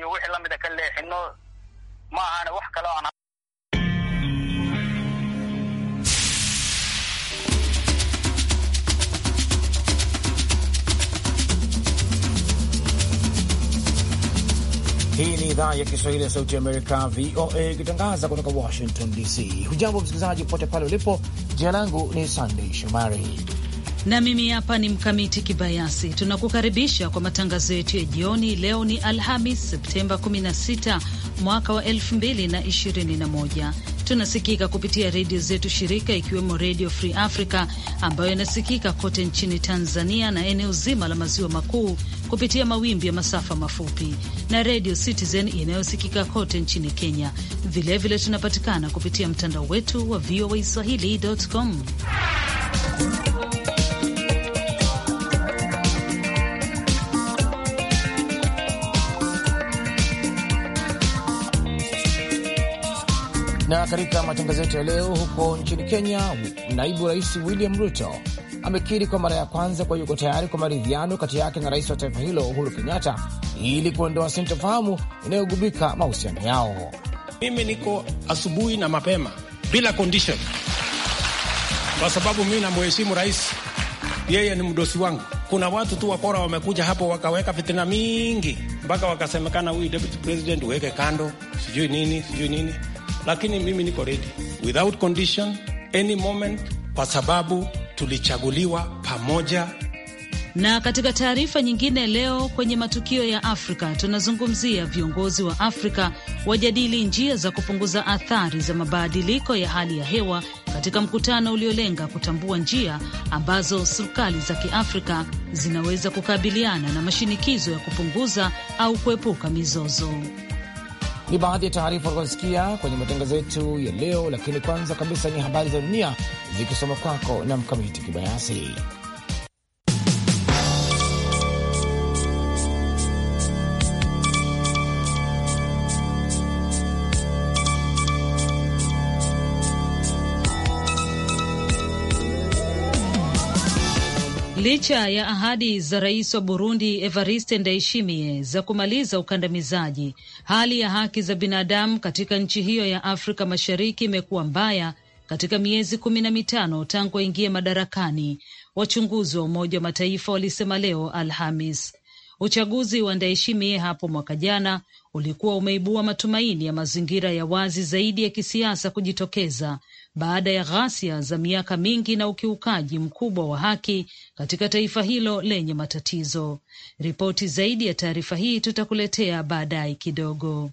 iyo wixii lamida ka leexino ma ahana wax kale aan Hii ni idhaa ya Kiswahili ya Sauti ya Amerika, VOA, ikitangaza kutoka Washington DC. Hujambo msikilizaji, popote pale ulipo. Jina langu ni Sandey Shomari na mimi hapa ni Mkamiti Kibayasi. Tunakukaribisha kwa matangazo yetu ya jioni. Leo ni Alhamis, Septemba 16 mwaka wa 2021. Tunasikika kupitia redio zetu shirika, ikiwemo Redio Free Africa ambayo inasikika kote nchini Tanzania na eneo zima la maziwa makuu kupitia mawimbi ya masafa mafupi na Redio Citizen inayosikika kote nchini Kenya. Vilevile vile tunapatikana kupitia mtandao wetu wa VOA swahili.com Na katika matangazo yetu ya leo, huko nchini Kenya, naibu rais William Ruto amekiri kwa mara ya kwanza kuwa yuko tayari kwa maridhiano kati yake na rais wa taifa hilo Uhuru Kenyatta ili kuondoa sintofahamu inayogubika mahusiano yao. Mimi niko asubuhi na mapema bila condition, kwa sababu mimi namheshimu rais, yeye ni mdosi wangu. Kuna watu tu wakora wamekuja hapo wakaweka fitina mingi mpaka wakasemekana, huyu deputy president uweke kando, sijui nini sijui nini lakini mimi niko ready without condition any moment, kwa sababu tulichaguliwa pamoja. Na katika taarifa nyingine leo kwenye matukio ya Afrika tunazungumzia viongozi wa Afrika wajadili njia za kupunguza athari za mabadiliko ya hali ya hewa katika mkutano uliolenga kutambua njia ambazo serikali za Kiafrika zinaweza kukabiliana na mashinikizo ya kupunguza au kuepuka mizozo. Ni baadhi ya taarifa utakazosikia kwenye matangazo yetu ya leo, lakini kwanza kabisa ni habari za dunia zikisoma kwako na Mkamiti Kibayasi. Licha ya ahadi za rais wa Burundi Evariste Ndayishimiye za kumaliza ukandamizaji, hali ya haki za binadamu katika nchi hiyo ya Afrika Mashariki imekuwa mbaya katika miezi kumi na mitano tangu aingie madarakani, wachunguzi wa Umoja wa Mataifa walisema leo Alhamis. Uchaguzi wa Ndayishimiye hapo mwaka jana ulikuwa umeibua matumaini ya mazingira ya wazi zaidi ya kisiasa kujitokeza baada ya ghasia za miaka mingi na ukiukaji mkubwa wa haki katika taifa hilo lenye matatizo. Ripoti zaidi ya taarifa hii tutakuletea baadaye kidogo.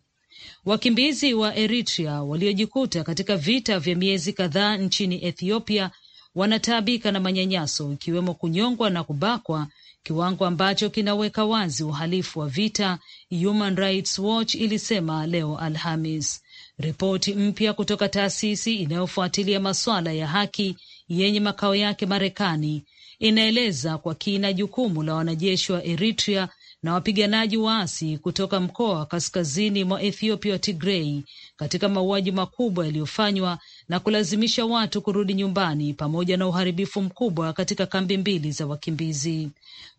Wakimbizi wa Eritrea waliojikuta katika vita vya miezi kadhaa nchini Ethiopia wanataabika na manyanyaso ikiwemo kunyongwa na kubakwa kiwango ambacho kinaweka wazi uhalifu wa vita, Human Rights Watch ilisema leo Alhamis. Ripoti mpya kutoka taasisi inayofuatilia masuala ya haki yenye makao yake Marekani inaeleza kwa kina jukumu la wanajeshi wa Eritrea na wapiganaji waasi kutoka mkoa wa kaskazini mwa Ethiopia wa Tigrei katika mauaji makubwa yaliyofanywa na kulazimisha watu kurudi nyumbani pamoja na uharibifu mkubwa katika kambi mbili za wakimbizi.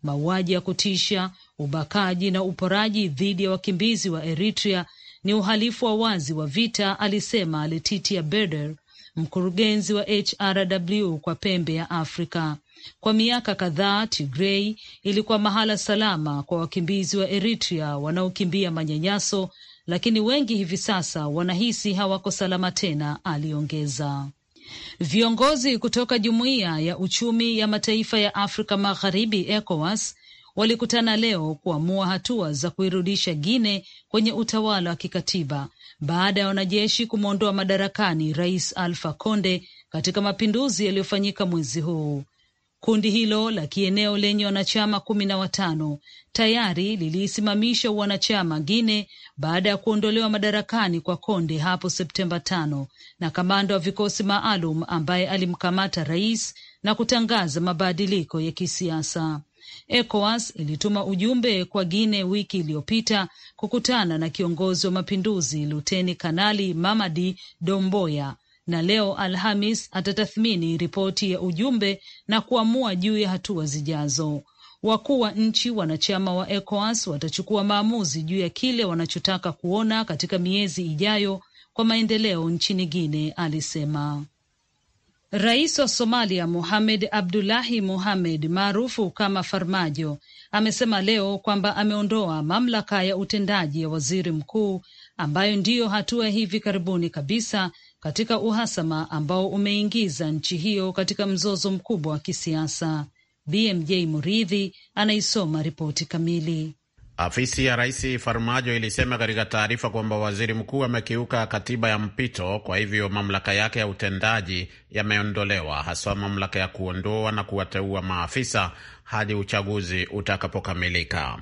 Mauaji ya kutisha, ubakaji na uporaji dhidi ya wakimbizi wa Eritrea ni uhalifu wa wazi wa vita, alisema Letitia berder mkurugenzi wa HRW kwa pembe ya Afrika. Kwa miaka kadhaa Tigrei ilikuwa mahala salama kwa wakimbizi wa Eritrea wanaokimbia manyanyaso lakini wengi hivi sasa wanahisi hawako salama tena, aliongeza. Viongozi kutoka Jumuiya ya Uchumi ya Mataifa ya Afrika Magharibi, ECOWAS, walikutana leo kuamua hatua za kuirudisha Guine kwenye utawala wa kikatiba baada ya wanajeshi kumwondoa madarakani Rais Alfa Conde katika mapinduzi yaliyofanyika mwezi huu. Kundi hilo la kieneo lenye wanachama kumi na watano tayari liliisimamisha uwanachama Gine baada ya kuondolewa madarakani kwa Konde hapo Septemba tano na kamanda wa vikosi maalum ambaye alimkamata rais na kutangaza mabadiliko ya kisiasa. ECOWAS ilituma ujumbe kwa guine wiki iliyopita kukutana na kiongozi wa mapinduzi Luteni Kanali Mamadi Domboya na leo Alhamis atatathmini ripoti ya ujumbe na kuamua juu ya hatua zijazo. Wakuu wa nchi wanachama wa ECOWAS watachukua maamuzi juu ya kile wanachotaka kuona katika miezi ijayo kwa maendeleo nchini Guine, alisema. Rais wa Somalia Mohamed Abdullahi Mohamed maarufu kama Farmajo amesema leo kwamba ameondoa mamlaka ya utendaji ya waziri mkuu ambayo ndiyo hatua hivi karibuni kabisa katika uhasama ambao umeingiza nchi hiyo katika mzozo mkubwa wa kisiasa. BMJ Muridhi anaisoma ripoti kamili. Afisi ya Rais Farmajo ilisema katika taarifa kwamba waziri mkuu amekiuka katiba ya mpito, kwa hivyo mamlaka yake ya utendaji yameondolewa, haswa mamlaka ya kuondoa na kuwateua maafisa hadi uchaguzi utakapokamilika.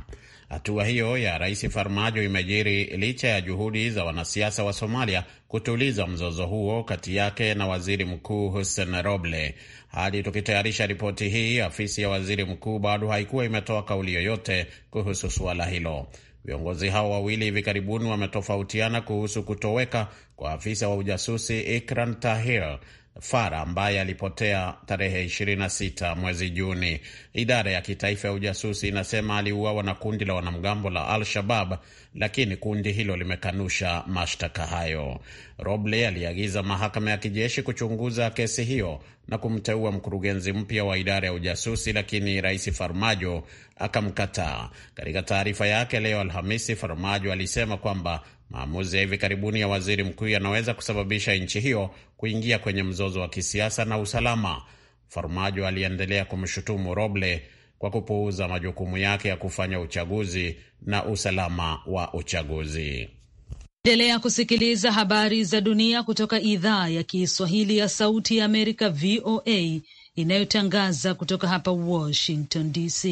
Hatua hiyo ya Rais Farmajo imejiri licha ya juhudi za wanasiasa wa Somalia kutuliza mzozo huo kati yake na Waziri Mkuu Hussein Roble. Hadi tukitayarisha ripoti hii, afisi ya waziri mkuu bado haikuwa imetoa kauli yoyote kuhusu suala hilo. Viongozi hao wawili hivi karibuni wametofautiana kuhusu kutoweka kwa afisa wa ujasusi Ikran Tahir Fara ambaye alipotea tarehe 26 mwezi Juni. Idara ya kitaifa ya ujasusi inasema aliuawa na kundi la wanamgambo la Al-Shabab, lakini kundi hilo limekanusha mashtaka hayo. Roble aliagiza mahakama ya kijeshi kuchunguza kesi hiyo na kumteua mkurugenzi mpya wa idara ya ujasusi, lakini rais Farmajo akamkataa. Katika taarifa yake leo Alhamisi, Farmajo alisema kwamba Maamuzi ya hivi karibuni ya waziri mkuu yanaweza kusababisha nchi hiyo kuingia kwenye mzozo wa kisiasa na usalama. Farmajo aliendelea kumshutumu Roble kwa kupuuza majukumu yake ya kufanya uchaguzi na usalama wa uchaguzi. Endelea kusikiliza habari za dunia kutoka idhaa ya Kiswahili ya Sauti ya Amerika, VOA, inayotangaza kutoka hapa Washington DC.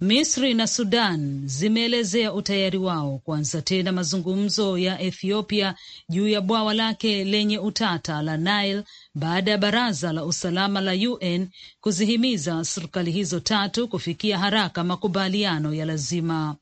Misri na Sudan zimeelezea utayari wao kuanza tena mazungumzo ya Ethiopia juu ya bwawa lake lenye utata la Nile baada ya baraza la usalama la UN kuzihimiza serikali hizo tatu kufikia haraka makubaliano ya lazima.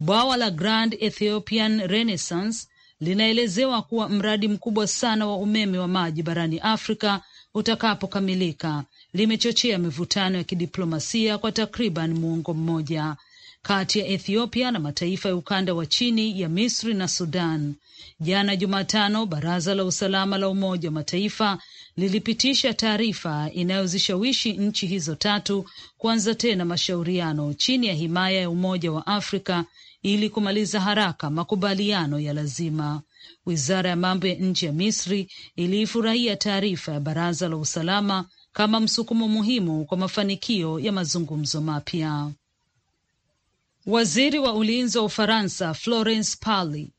Bwawa la Grand Ethiopian Renaissance linaelezewa kuwa mradi mkubwa sana wa umeme wa maji barani Afrika utakapokamilika limechochea mivutano ya kidiplomasia kwa takriban muongo mmoja kati ya Ethiopia na mataifa ya ukanda wa chini ya Misri na Sudan. Jana Jumatano, baraza la usalama la Umoja wa Mataifa lilipitisha taarifa inayozishawishi nchi hizo tatu kuanza tena mashauriano chini ya himaya ya Umoja wa Afrika ili kumaliza haraka makubaliano ya lazima. Wizara ya mambo ya nje ya Misri iliifurahia taarifa ya Baraza la Usalama kama msukumo muhimu kwa mafanikio ya mazungumzo mapya. Waziri wa ulinzi wa Ufaransa Florence Parly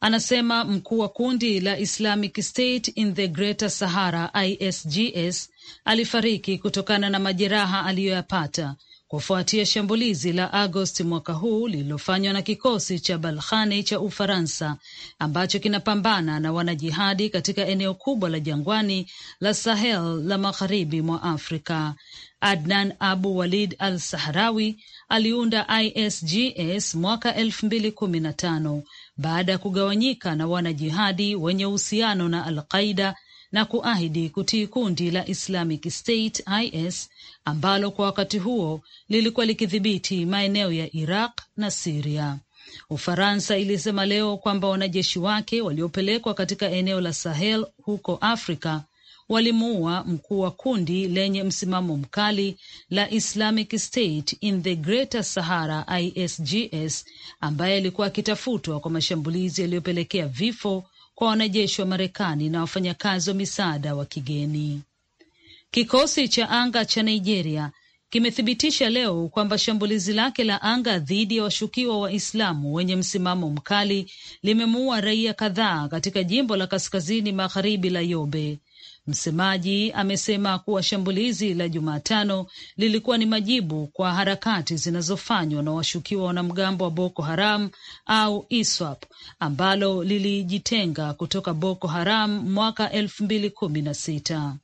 anasema mkuu wa kundi la Islamic State in the Greater Sahara ISGS alifariki kutokana na majeraha aliyoyapata kufuatia shambulizi la Agosti mwaka huu lililofanywa na kikosi cha Balkhani cha Ufaransa ambacho kinapambana na wanajihadi katika eneo kubwa la jangwani la Sahel la magharibi mwa Afrika. Adnan Abu Walid Al Sahrawi aliunda ISGS mwaka elfu mbili kumi na tano baada ya kugawanyika na wanajihadi wenye uhusiano na Alqaida na kuahidi kutii kundi la Islamic State IS ambalo kwa wakati huo lilikuwa likidhibiti maeneo ya Iraq na Siria. Ufaransa ilisema leo kwamba wanajeshi wake waliopelekwa katika eneo la Sahel huko Afrika walimuua mkuu wa kundi lenye msimamo mkali la Islamic State in the Greater Sahara ISGS ambaye alikuwa akitafutwa kwa mashambulizi yaliyopelekea vifo kwa wanajeshi wa Marekani na wafanyakazi wa misaada wa kigeni. Kikosi cha anga cha Nigeria kimethibitisha leo kwamba shambulizi lake la anga dhidi ya washukiwa Waislamu wenye msimamo mkali limemuua raia kadhaa katika jimbo la kaskazini magharibi la Yobe. Msemaji amesema kuwa shambulizi la Jumatano lilikuwa ni majibu kwa harakati zinazofanywa na washukiwa wanamgambo wa Boko Haram au ISWAP ambalo lilijitenga kutoka Boko Haram mwaka elfu mbili kumi na sita.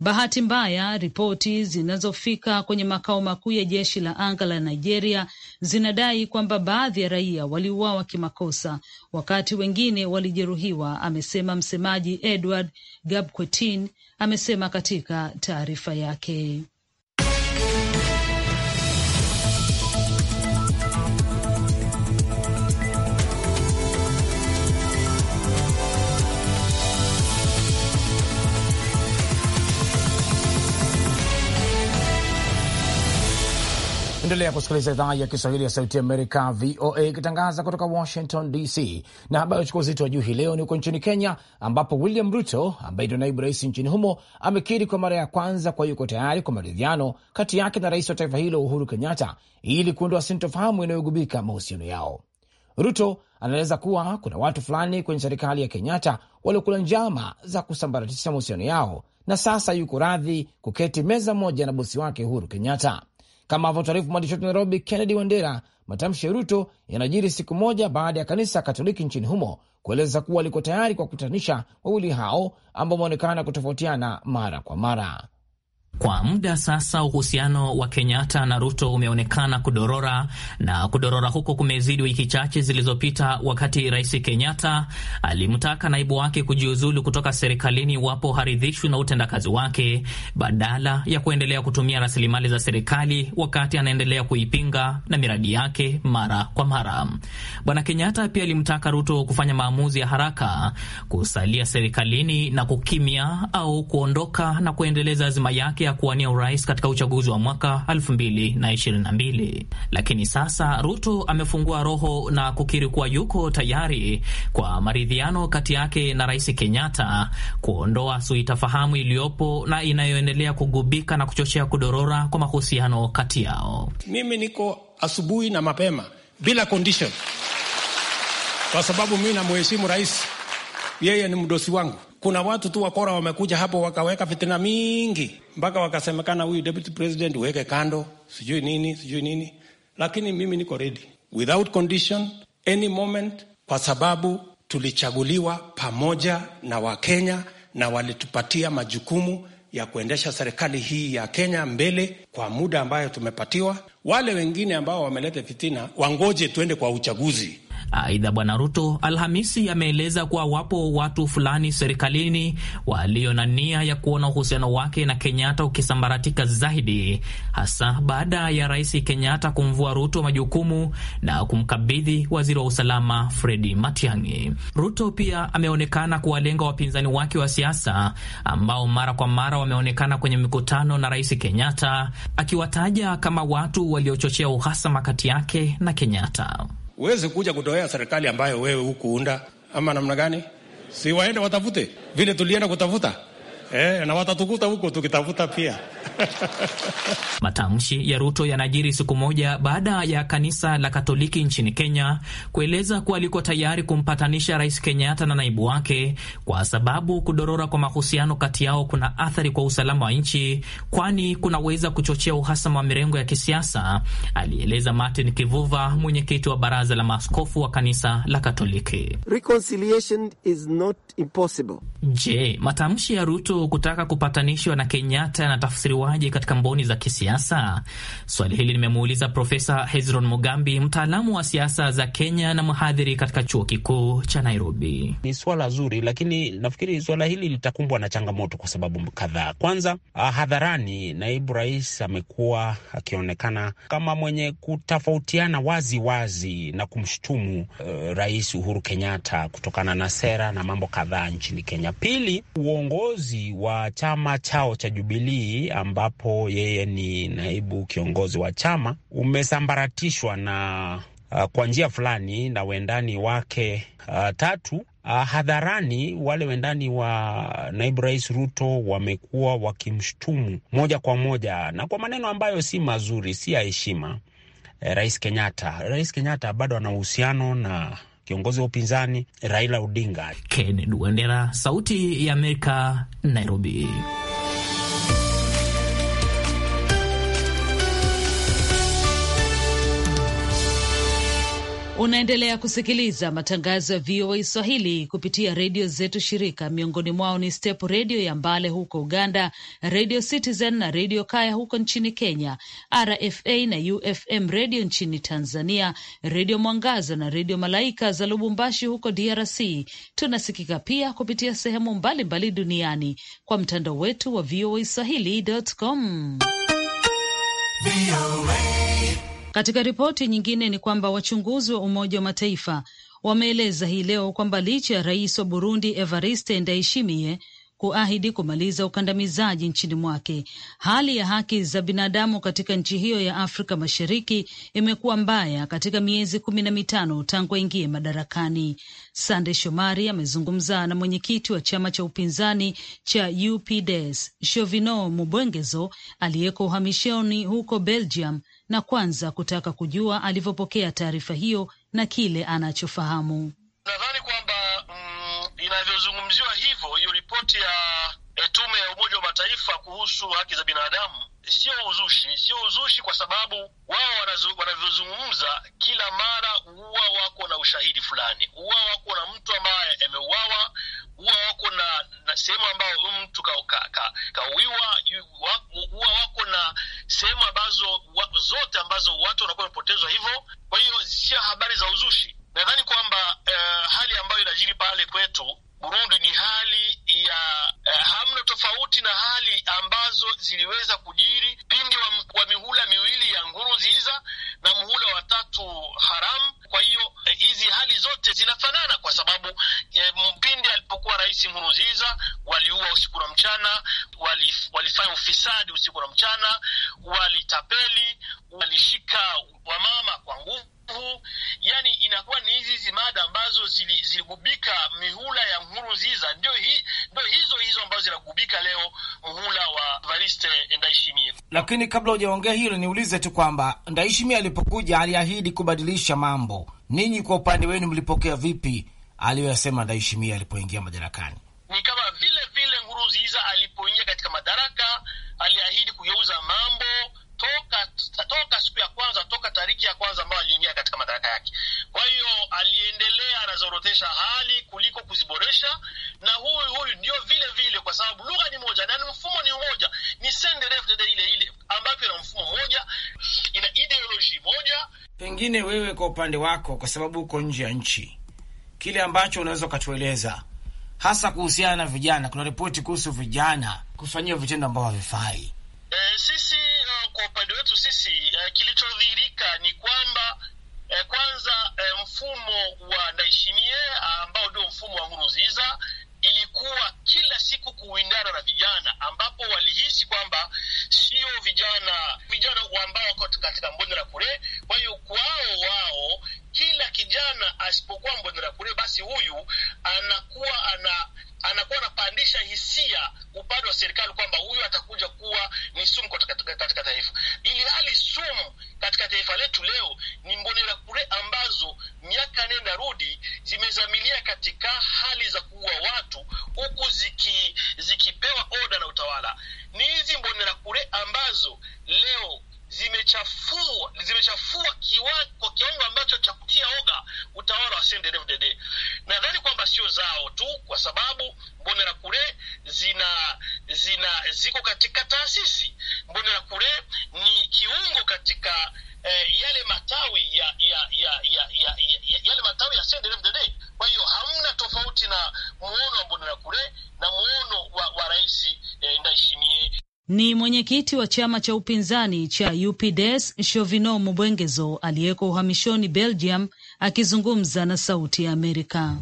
Bahati mbaya, ripoti zinazofika kwenye makao makuu ya jeshi la anga la Nigeria zinadai kwamba baadhi ya raia waliuawa kimakosa wakati wengine walijeruhiwa, amesema msemaji Edward Gabquetin amesema katika taarifa yake. Unaendelea kusikiliza idhaa ya Kiswahili ya Sauti Amerika, VOA, ikitangaza kutoka Washington DC. Na habari ya uchukua uzito wa juu hii leo ni huko nchini Kenya, ambapo William Ruto ambaye ndio naibu rais nchini humo amekiri kwa mara ya kwanza kwa yuko tayari kwa maridhiano kati yake na rais wa taifa hilo Uhuru Kenyatta ili kuondoa sintofahamu inayogubika mahusiano yao. Ruto anaeleza kuwa kuna watu fulani kwenye serikali ya Kenyatta waliokula njama za kusambaratisha mahusiano yao na sasa yuko radhi kuketi meza moja na bosi wake Uhuru Kenyatta. Kama avyotaarifu mwandishi wetu Nairobi, Kennedy Wandera, matamshi ya Ruto yanajiri siku moja baada ya kanisa Katoliki nchini humo kueleza kuwa liko tayari kwa kukutanisha wawili hao ambao wameonekana kutofautiana mara kwa mara. Kwa muda sasa uhusiano wa Kenyatta na Ruto umeonekana kudorora, na kudorora huko kumezidi wiki chache zilizopita, wakati Rais Kenyatta alimtaka naibu wake kujiuzulu kutoka serikalini iwapo haridhishwi na utendakazi wake, badala ya kuendelea kutumia rasilimali za serikali wakati anaendelea kuipinga na miradi yake mara kwa mara. Bwana Kenyatta pia alimtaka Ruto kufanya maamuzi ya haraka, kusalia serikalini na kukimya, au kuondoka na kuendeleza azima yake yake kuwania urais katika uchaguzi wa mwaka 2022 lakini sasa Ruto amefungua roho na kukiri kuwa yuko tayari kwa maridhiano kati yake na Rais Kenyatta kuondoa suitafahamu iliyopo na inayoendelea kugubika na kuchochea kudorora kwa mahusiano kati yao. Mimi niko asubuhi na mapema bila condition, kwa sababu mimi namheshimu rais, yeye ni mdosi wangu kuna watu tu wakora wamekuja hapo wakaweka fitina mingi mpaka wakasemekana huyu deputy president uweke kando, sijui nini sijui nini, lakini mimi niko ready without condition any moment, kwa sababu tulichaguliwa pamoja na Wakenya na walitupatia majukumu ya kuendesha serikali hii ya Kenya mbele kwa muda ambayo tumepatiwa. Wale wengine ambao wameleta fitina wangoje tuende kwa uchaguzi. Aidha, Bwana Ruto Alhamisi ameeleza kuwa wapo watu fulani serikalini walio na nia ya kuona uhusiano wake na Kenyatta ukisambaratika zaidi, hasa baada ya Rais Kenyatta kumvua Ruto majukumu na kumkabidhi waziri wa usalama Fredi Matiang'i. Ruto pia ameonekana kuwalenga wapinzani wake wa siasa ambao mara kwa mara wameonekana kwenye mikutano na Rais Kenyatta, akiwataja kama watu waliochochea uhasama kati yake na Kenyatta uweze kuja kutoea serikali ambayo wewe hukuunda, ama namna gani? Si waende watafute vile tulienda kutafuta Eh, na watatukuta huko tukitafuta pia. Matamshi ya Ruto yanajiri siku moja baada ya kanisa la Katoliki nchini Kenya kueleza kuwa liko tayari kumpatanisha Rais Kenyatta na naibu wake kwa sababu kudorora kwa mahusiano kati yao kuna athari kwa usalama wa nchi, kwani kunaweza kuchochea uhasama wa mirengo ya kisiasa, alieleza Martin Kivuva, mwenyekiti wa baraza la maaskofu wa kanisa la Katoliki. Reconciliation is not impossible. Je, matamshi ya Ruto kutaka kupatanishwa na Kenyatta yanatafsiriwaje katika mboni za kisiasa? Swali hili limemuuliza Profesa Hezron Mugambi, mtaalamu wa siasa za Kenya na mhadhiri katika chuo kikuu cha Nairobi. Ni swala zuri, lakini nafikiri swala hili litakumbwa na changamoto kwa sababu kadhaa. Kwanza, ah, hadharani naibu rais amekuwa akionekana kama mwenye kutofautiana wazi wazi na kumshutumu uh, rais Uhuru Kenyatta kutokana na sera na mambo kadhaa nchini Kenya. Pili, uongozi wa chama chao cha Jubilii, ambapo yeye ni naibu kiongozi wa chama, umesambaratishwa na uh, kwa njia fulani na wendani wake uh, tatu Uh, hadharani wale wendani wa naibu rais Ruto wamekuwa wakimshutumu moja kwa moja na kwa maneno ambayo si mazuri, si ya heshima eh, rais Kenyatta. Rais Kenyatta bado ana uhusiano na kiongozi wa upinzani Raila Odinga. Kennedy Wandera, Sauti ya Amerika, Nairobi. Unaendelea kusikiliza matangazo ya VOA Swahili kupitia redio zetu shirika, miongoni mwao ni Step redio ya Mbale huko Uganda, redio Citizen na redio Kaya huko nchini Kenya, RFA na UFM redio nchini Tanzania, redio Mwangaza na redio Malaika za Lubumbashi huko DRC. Tunasikika pia kupitia sehemu mbalimbali mbali duniani kwa mtandao wetu wa VOA Swahili.com. Katika ripoti nyingine ni kwamba wachunguzi wa Umoja wa Mataifa wameeleza hii leo kwamba licha ya rais wa Burundi Evariste Ndayishimiye kuahidi kumaliza ukandamizaji nchini mwake, hali ya haki za binadamu katika nchi hiyo ya Afrika Mashariki imekuwa mbaya katika miezi kumi na mitano tangu aingie madarakani. Sande Shomari amezungumza na mwenyekiti wa chama cha upinzani cha UPDS Shovino Mubwengezo aliyeko uhamishoni huko Belgium, na kwanza kutaka kujua alivyopokea taarifa hiyo na kile anachofahamu. Nadhani kwamba mm, inavyozungumziwa hivyo, hiyo ripoti ya E, tume ya Umoja wa Mataifa kuhusu haki za binadamu sio uzushi, sio uzushi, kwa sababu wao wanavyozungumza kila mara huwa wako na ushahidi fulani, huwa wako na mtu ambaye ameuawa, huwa wako na, na sehemu ambayo mtu kauiwa ka, ka, huwa wako na sehemu ambazo wa, zote ambazo watu wanakuwa wamepotezwa hivyo. Kwa hiyo sio habari za uzushi. Nadhani kwamba uh, hali ambayo inajiri pale kwetu Burundi ni hali ya eh, hamna tofauti na hali ambazo ziliweza kujiri pindi wa, wa mihula miwili ya Nkurunziza na muhula wa tatu haramu. Kwa hiyo eh, hizi eh, hali zote zinafanana kwa sababu eh, pindi alipokuwa rais Nkurunziza waliua usiku na mchana, walifanya walifanya ufisadi usiku na mchana, walitapeli, walishika wamama kwa nguvu watu, yani inakuwa ni hizi hizi mada ambazo ziligubika mihula ya Nkurunziza, ndio hi, ndio hizo hizo ambazo zinagubika leo mhula wa Evariste Ndayishimiye. Lakini kabla hujaongea hilo, niulize tu kwamba Ndayishimiye alipokuja aliahidi kubadilisha mambo, ninyi kwa upande wenu mlipokea vipi aliyoyasema Ndayishimiye alipoingia madarakani? Ni kama vile vile Nkurunziza alipoingia katika madaraka aliahidi kugeuza mambo yake. Kwa hiyo aliendelea anazorotesha hali kuliko kuziboresha, na huyu huyu ndio vile vile, kwa sababu lugha ni moja na mfumo ni mmoja, ni sende refu dada ile ile ambapo ina mfumo mmoja, ina ideoloji moja. Pengine wewe kwa upande wako, kwa sababu uko nje ya nchi, kile ambacho unaweza ukatueleza hasa kuhusiana na vijana, kuna ripoti kuhusu vijana kufanyiwa vitendo ambavyo havifai tuheshimie, ah, ambao ndio mfumo wa Nkurunziza ilikuwa kila siku kuwindana na vijana ambapo walihisi kwamba sio vijana vijana ambao wako katika kure Kwa hiyo kwao wao, kila kijana asipokuwa kure basi huyu anakuwa ana anakuwa anapandisha hisia upande wa serikali kwamba huyu atakuja kuwa ni sumu katika taifa, ili hali sumu katika taifa letu leo ni mbonera kule ambazo miaka nenda rudi zimezamilia katika hali za kuua watu huku ziki, zikipewa oda na utawala. Ni hizi mbonera kule ambazo leo zimechafua zimechafua kiwa, kwa kiwango ambacho cha kutia oga utawala wa CNDD-FDD. Nadhani kwamba sio zao tu, kwa sababu Mbonera kure zina zina ziko katika taasisi. Mbonera kure ni kiungo katika eh, yale matawi ya, ya, ya, ya, ya, ya, yale matawi ya CNDD-FDD. Kwa hiyo hamna tofauti na muono wa Mbonera kure na muono wa, wa Rais eh, Ndayishimiye ni mwenyekiti wa chama cha upinzani cha UPDES Shovino Mubwengezo aliyeko uhamishoni Belgium, akizungumza na Sauti ya Amerika.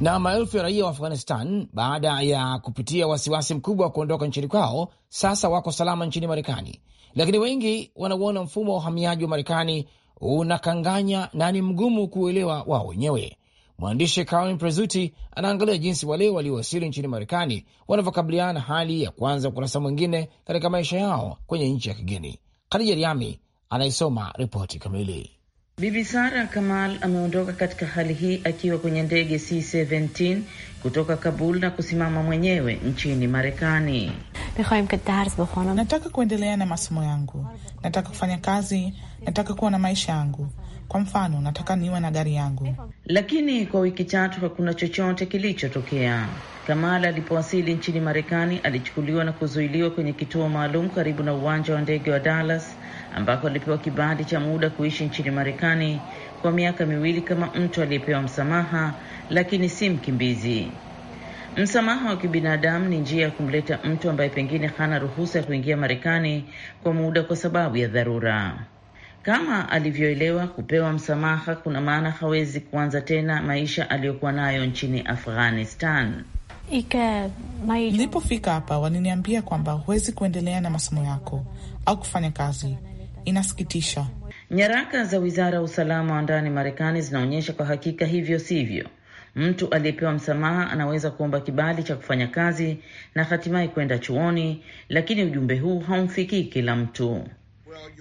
Na maelfu ya raia wa Afghanistan, baada ya kupitia wasiwasi mkubwa wa kuondoka nchini kwao, sasa wako salama nchini Marekani, lakini wengi wanauona mfumo wa uhamiaji wa Marekani unakanganya na ni mgumu kuelewa wao wenyewe. Mwandishi Colin Prezuti anaangalia jinsi wale waliowasili nchini Marekani wanavyokabiliana na hali ya kwanza ukurasa mwingine katika maisha yao kwenye nchi ya kigeni. Khadija Riami anaisoma ripoti kamili. Bibi Sara Kamal ameondoka katika hali hii akiwa kwenye ndege C17 kutoka Kabul na kusimama mwenyewe nchini Marekani. Nataka kuendelea na masomo yangu, nataka kufanya kazi, nataka kuwa na maisha yangu. Kwa mfano, nataka niwe na gari yangu. Lakini kwa wiki tatu hakuna chochote kilichotokea. Kamal alipowasili nchini Marekani alichukuliwa na kuzuiliwa kwenye kituo maalum karibu na uwanja wa ndege wa Dallas ambako alipewa kibali cha muda kuishi nchini Marekani kwa miaka miwili kama mtu aliyepewa msamaha, lakini si mkimbizi. Msamaha wa kibinadamu ni njia ya kumleta mtu ambaye pengine hana ruhusa ya kuingia Marekani kwa muda kwa sababu ya dharura. Kama alivyoelewa, kupewa msamaha kuna maana hawezi kuanza tena maisha aliyokuwa nayo nchini Afghanistan. Nilipofika hapa waliniambia kwamba huwezi kuendelea na masomo yako au kufanya kazi. Inasikitisha. Nyaraka za wizara ya usalama wa ndani Marekani zinaonyesha kwa hakika hivyo sivyo. Mtu aliyepewa msamaha anaweza kuomba kibali cha kufanya kazi na hatimaye kwenda chuoni, lakini ujumbe huu haumfikii kila mtu.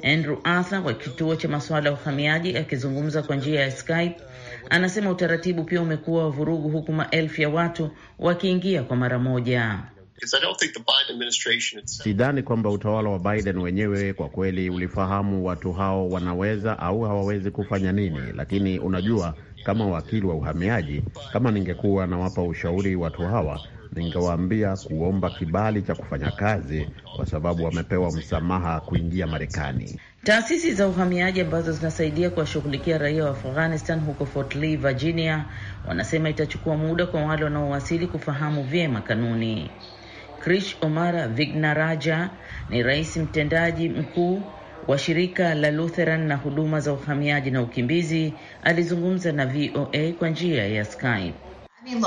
Andrew Arthur wa kituo cha masuala ya uhamiaji akizungumza kwa njia ya Skype Anasema utaratibu pia umekuwa wa vurugu, huku maelfu ya watu wakiingia kwa mara moja. Sidhani kwamba utawala wa Biden wenyewe kwa kweli ulifahamu watu hao wanaweza au hawawezi kufanya nini, lakini unajua, kama wakili wa uhamiaji, kama ningekuwa nawapa ushauri watu hawa ningewaambia kuomba kibali cha kufanya kazi kwa sababu wamepewa msamaha kuingia Marekani. Taasisi za uhamiaji ambazo zinasaidia kuwashughulikia raia wa Afghanistan huko Fort Lee, Virginia, wanasema itachukua muda kwa wale wanaowasili kufahamu vyema kanuni. Krish Omara Vignaraja ni rais mtendaji mkuu wa shirika la Lutheran na huduma za uhamiaji na ukimbizi. Alizungumza na VOA kwa njia ya Skype. Uh,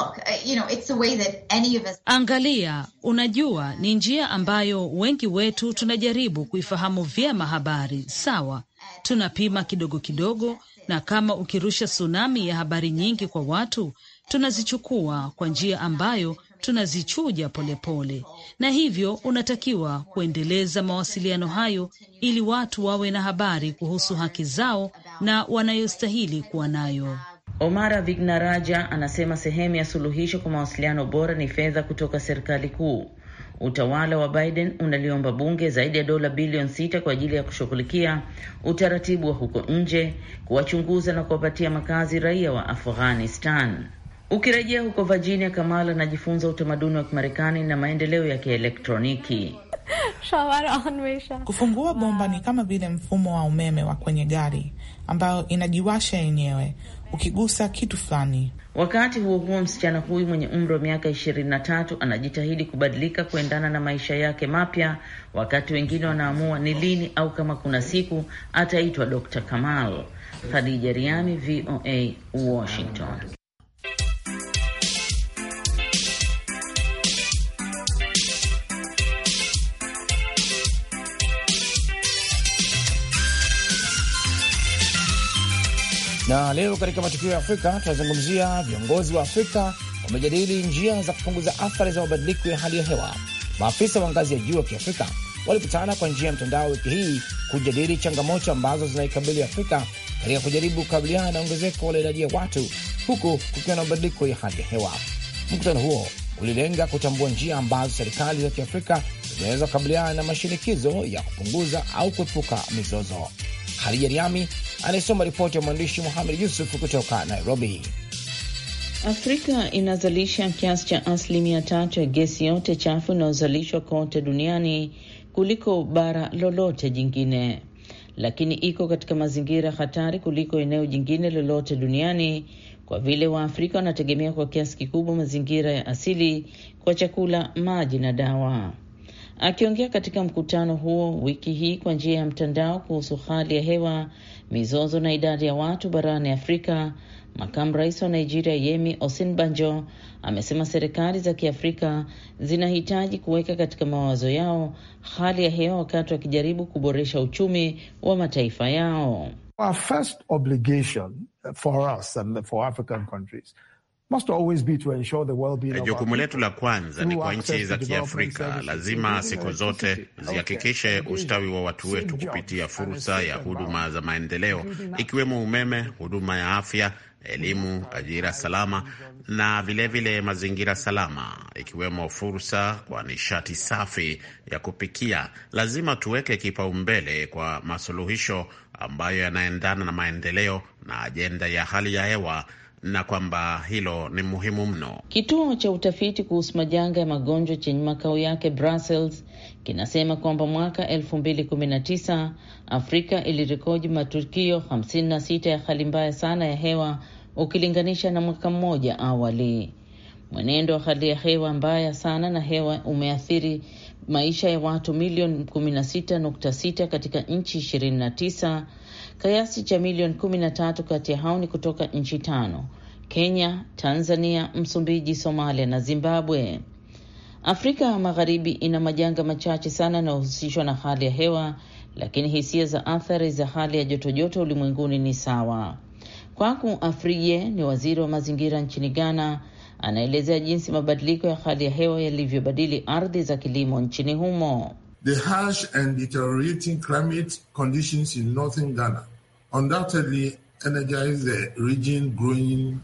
Angalia, unajua ni njia ambayo wengi wetu tunajaribu kuifahamu vyema habari. Sawa, tunapima kidogo kidogo, na kama ukirusha tsunami ya habari nyingi kwa watu, tunazichukua kwa njia ambayo tunazichuja polepole pole. Na hivyo unatakiwa kuendeleza mawasiliano hayo ili watu wawe na habari kuhusu haki zao na wanayostahili kuwa nayo. Omara Vignaraja anasema sehemu ya suluhisho kwa mawasiliano bora ni fedha kutoka serikali kuu. Utawala wa Biden unaliomba bunge zaidi ya dola bilioni sita kwa ajili ya kushughulikia utaratibu wa huko nje, kuwachunguza na kuwapatia makazi raia wa Afghanistan. Ukirejea huko Virginia, Kamala anajifunza utamaduni wa Kimarekani na maendeleo ya kielektroniki. Kufungua bomba ni kama vile mfumo wa umeme wa kwenye gari ambayo inajiwasha yenyewe ukigusa kitu fulani. Wakati huo huo, msichana huyu mwenye umri wa miaka ishirini na tatu anajitahidi kubadilika kuendana na maisha yake mapya, wakati wengine wanaamua ni lini au kama kuna siku ataitwa Dr. Kamal. Khadija Riami, VOA, Washington. Na leo katika matukio ya Afrika tunazungumzia viongozi wa Afrika wamejadili njia za kupunguza athari za mabadiliko ya hali ya hewa. Maafisa wa ngazi ya juu wa kiafrika walikutana kwa njia ya mtandao wiki hii kujadili changamoto ambazo zinaikabili Afrika katika kujaribu kukabiliana na ongezeko la idadi ya watu huku kukiwa na mabadiliko ya hali ya hewa. Mkutano huo ulilenga kutambua njia ambazo serikali za kiafrika zinaweza kukabiliana na mashinikizo ya kupunguza au kuepuka mizozo. Hadija Riami anayesoma ripoti ya mwandishi Muhamed Yusuf kutoka Nairobi. Afrika inazalisha kiasi cha asilimia tatu ya gesi yote chafu inayozalishwa kote duniani kuliko bara lolote jingine, lakini iko katika mazingira hatari kuliko eneo jingine lolote duniani kwa vile Waafrika wanategemea kwa kiasi kikubwa mazingira ya asili kwa chakula, maji na dawa. Akiongea katika mkutano huo wiki hii kwa njia ya mtandao kuhusu hali ya hewa, mizozo na idadi ya watu barani Afrika, makamu rais wa Nigeria Yemi Osinbanjo amesema serikali za Kiafrika zinahitaji kuweka katika mawazo yao hali ya hewa wakati wakijaribu kuboresha uchumi wa mataifa yao. Our first obligation for us and for African countries Eh, jukumu letu la kwanza ni kwa nchi za Kiafrika. Lazima siku zote zihakikishe ustawi wa watu wetu kupitia fursa ya huduma za maendeleo, ikiwemo umeme, huduma ya afya, elimu, ajira salama na vilevile vile mazingira salama, ikiwemo fursa kwa nishati safi ya kupikia. Lazima tuweke kipaumbele kwa masuluhisho ambayo yanaendana na maendeleo na ajenda ya hali ya hewa na kwamba hilo ni muhimu mno. Kituo cha utafiti kuhusu majanga ya magonjwa chenye makao yake Brussels kinasema kwamba mwaka 2019 Afrika ilirekodi matukio 56 ya hali mbaya sana ya hewa ukilinganisha na mwaka mmoja awali. Mwenendo wa hali ya hewa mbaya sana na hewa umeathiri maisha ya watu milioni 16.6 katika nchi 29 Kiasi cha milioni kumi na tatu kati ya hao ni kutoka nchi tano: Kenya, Tanzania, Msumbiji, Somalia na Zimbabwe. Afrika ya Magharibi ina majanga machache sana yanayohusishwa na hali ya hewa, lakini hisia za athari za hali ya jotojoto ulimwenguni ni sawa. Kwaku afrije ni waziri wa mazingira nchini Ghana, anaelezea jinsi mabadiliko ya hali ya hewa yalivyobadili ardhi za kilimo nchini humo. The harsh and deteriorating climate conditions in northern Ghana undoubtedly energize the region growing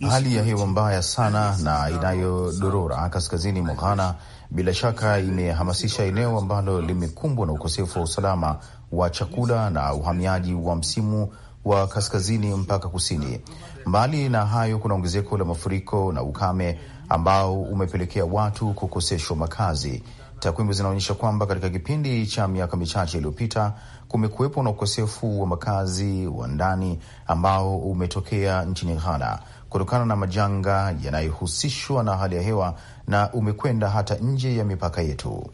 Hali ya hewa mbaya sana na inayodorora kaskazini mwa Ghana bila shaka imehamasisha eneo ambalo limekumbwa na ukosefu wa usalama wa chakula na uhamiaji wa msimu wa kaskazini mpaka kusini. Mbali na hayo, kuna ongezeko la mafuriko na ukame ambao umepelekea watu kukoseshwa makazi. Takwimu zinaonyesha kwamba katika kipindi cha miaka michache iliyopita kumekuwepo na ukosefu wa makazi wa ndani ambao umetokea nchini Ghana kutokana na majanga yanayohusishwa na hali ya hewa na umekwenda hata nje ya mipaka yetu.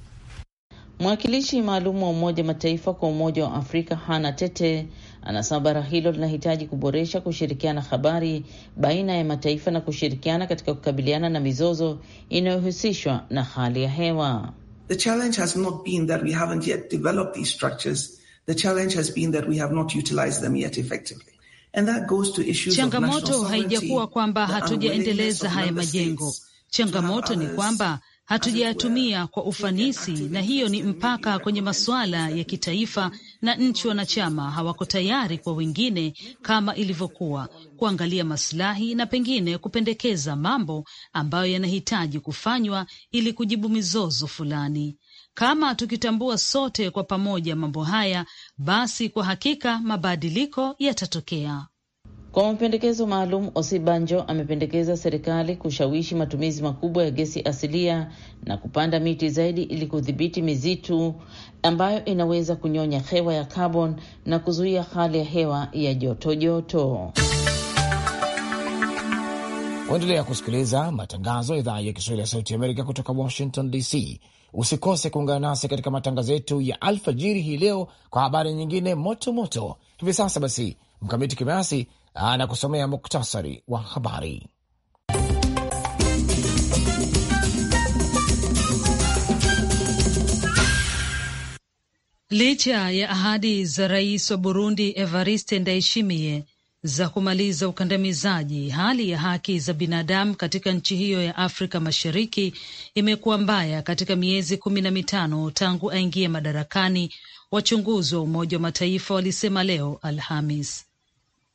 Mwakilishi maalum wa Umoja Mataifa kwa Umoja wa Afrika Hana Tete anasema bara hilo linahitaji kuboresha kushirikiana habari baina ya mataifa na kushirikiana katika kukabiliana na mizozo inayohusishwa na hali ya hewa. The challenge has not been that we haven't yet developed these structures. The challenge has been that we have not utilized them yet effectively. And that goes to issues changamoto haijakuwa kwamba hatujaendeleza haya majengo. Changamoto ni kwamba hatujayatumia kwa ufanisi, na hiyo ni mpaka kwenye masuala ya kitaifa, na nchi wanachama hawako tayari kwa wengine kama ilivyokuwa kuangalia masilahi na pengine kupendekeza mambo ambayo yanahitaji kufanywa ili kujibu mizozo fulani. Kama tukitambua sote kwa pamoja mambo haya, basi kwa hakika mabadiliko yatatokea. Kwa mapendekezo maalum, Osibanjo amependekeza serikali kushawishi matumizi makubwa ya gesi asilia na kupanda miti zaidi ili kudhibiti mizitu ambayo inaweza kunyonya hewa ya carbon na kuzuia hali ya hewa ya jotojoto. Kuendelea kusikiliza matangazo ya idhaa ya Kiswahili ya Sauti Amerika kutoka Washington DC. Usikose kuungana nasi katika matangazo yetu ya alfajiri hii leo kwa habari nyingine moto moto hivi sasa. Basi Mkamiti Kibayasi anakusomea ah, muktasari wa habari. Licha ya ahadi za rais wa Burundi Evariste Ndayishimiye za kumaliza ukandamizaji, hali ya haki za binadamu katika nchi hiyo ya Afrika Mashariki imekuwa mbaya katika miezi kumi na mitano tangu aingie madarakani, wachunguzi wa Umoja wa Mataifa walisema leo Alhamis.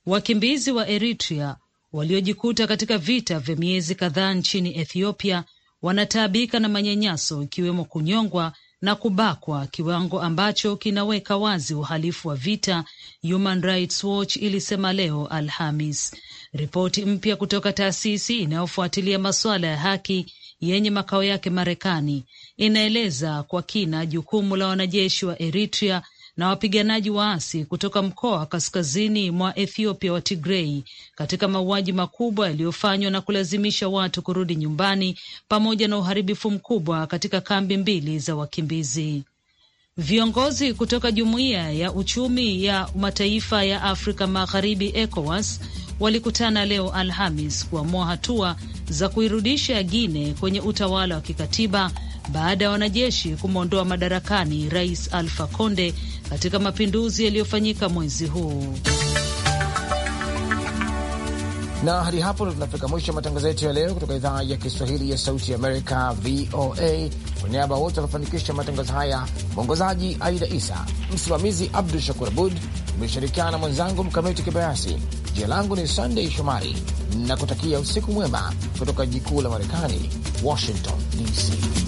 Wakimbizi wa Eritrea waliojikuta katika vita vya miezi kadhaa nchini Ethiopia wanataabika na manyanyaso, ikiwemo kunyongwa na kubakwa, kiwango ambacho kinaweka wazi uhalifu wa vita, Human Rights Watch ilisema leo Alhamis. Ripoti mpya kutoka taasisi inayofuatilia masuala ya haki yenye makao yake Marekani inaeleza kwa kina jukumu la wanajeshi wa Eritrea na wapiganaji waasi kutoka mkoa wa kaskazini mwa Ethiopia wa Tigrei katika mauaji makubwa yaliyofanywa na kulazimisha watu kurudi nyumbani pamoja na uharibifu mkubwa katika kambi mbili za wakimbizi. Viongozi kutoka Jumuiya ya Uchumi ya Mataifa ya Afrika Magharibi ECOWAS walikutana leo Alhamis kuamua hatua za kuirudisha Guine kwenye utawala wa kikatiba baada ya wanajeshi kumwondoa madarakani Rais alfa Konde katika mapinduzi yaliyofanyika mwezi huu. Na hadi hapo ndo tunafika mwisho wa matangazo yetu ya leo kutoka idhaa ya Kiswahili ya Sauti ya Amerika, VOA. Kwa niaba wote waliofanikisha matangazo haya, mwongozaji Aida Isa, msimamizi Abdu Shakur Abud, umeshirikiana na mwenzangu Mkamiti Kibayasi. Jina langu ni Sandey Shomari na kutakia usiku mwema kutoka jikuu la Marekani, Washington DC.